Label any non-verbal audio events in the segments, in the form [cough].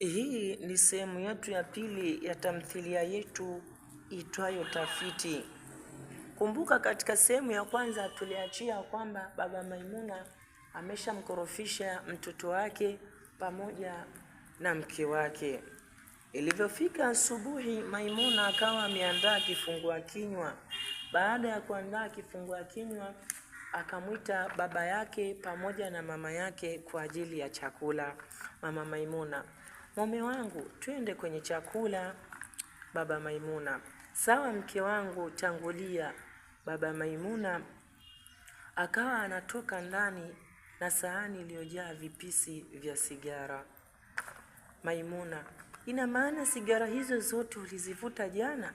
Hii ni sehemu yetu ya pili ya tamthilia yetu itwayo Tafiti. Kumbuka katika sehemu ya kwanza tuliachia kwamba baba Maimuna ameshamkorofisha mtoto wake pamoja na mke wake. Ilivyofika asubuhi, Maimuna akawa ameandaa kifungua kinywa. Baada ya kuandaa kifungua kinywa, akamwita baba yake pamoja na mama yake kwa ajili ya chakula. Mama Maimuna Mume wangu, twende kwenye chakula. Baba Maimuna: sawa mke wangu, tangulia. Baba Maimuna akawa anatoka ndani na sahani iliyojaa vipisi vya sigara. Maimuna: ina maana sigara hizo zote ulizivuta jana?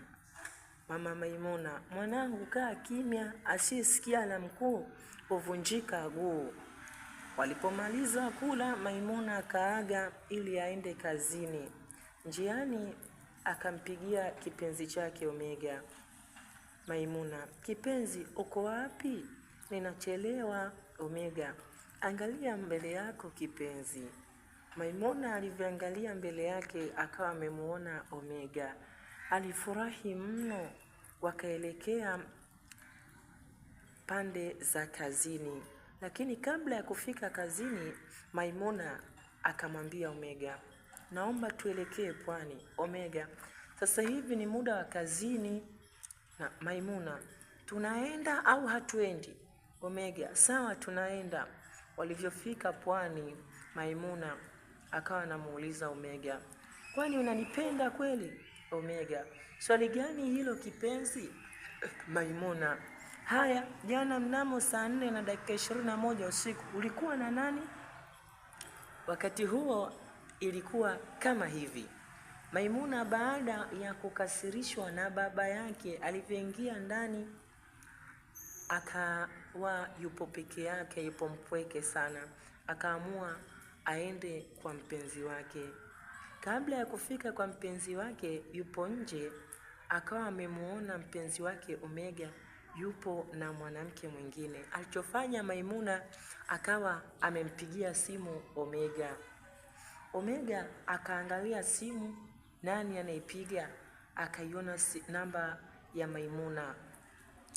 Mama Maimuna: mwanangu, kaa kimya, asiyesikia la mkuu huvunjika guu. Walipomaliza kula, Maimuna akaaga ili aende kazini. Njiani akampigia kipenzi chake Omega. Maimuna: kipenzi, uko wapi? Ninachelewa. Omega: angalia mbele yako kipenzi. Maimuna alivyoangalia mbele yake akawa amemuona Omega, alifurahi mno. Wakaelekea pande za kazini. Lakini kabla ya kufika kazini, Maimuna akamwambia Omega, naomba tuelekee pwani. Omega, sasa hivi ni muda wa kazini. Na Maimuna, tunaenda au hatuendi? Omega, sawa, tunaenda. Walivyofika pwani, Maimuna akawa anamuuliza Omega, kwani unanipenda kweli? Omega, swali gani hilo kipenzi? [laughs] Maimuna Haya, jana mnamo saa nne na dakika ishirini na moja usiku ulikuwa na nani? Wakati huo ilikuwa kama hivi. Maimuna baada ya kukasirishwa na baba yake alivyoingia ndani akawa yupo peke yake, yupo mpweke sana, akaamua aende kwa mpenzi wake. Kabla ya kufika kwa mpenzi wake, yupo nje, akawa amemuona mpenzi wake Omega yupo na mwanamke mwingine. Alichofanya Maimuna akawa amempigia simu Omega. Omega akaangalia simu, nani anaipiga? Akaiona si namba ya Maimuna,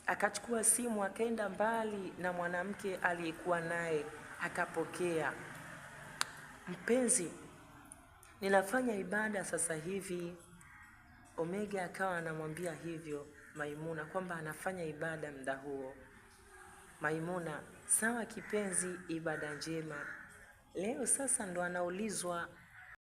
akachukua simu, akaenda mbali na mwanamke aliyekuwa naye, akapokea. Mpenzi, ninafanya ibada sasa hivi. Omega akawa anamwambia hivyo. Maimuna kwamba anafanya ibada muda huo. Maimuna, sawa kipenzi, ibada njema. Leo sasa ndo anaulizwa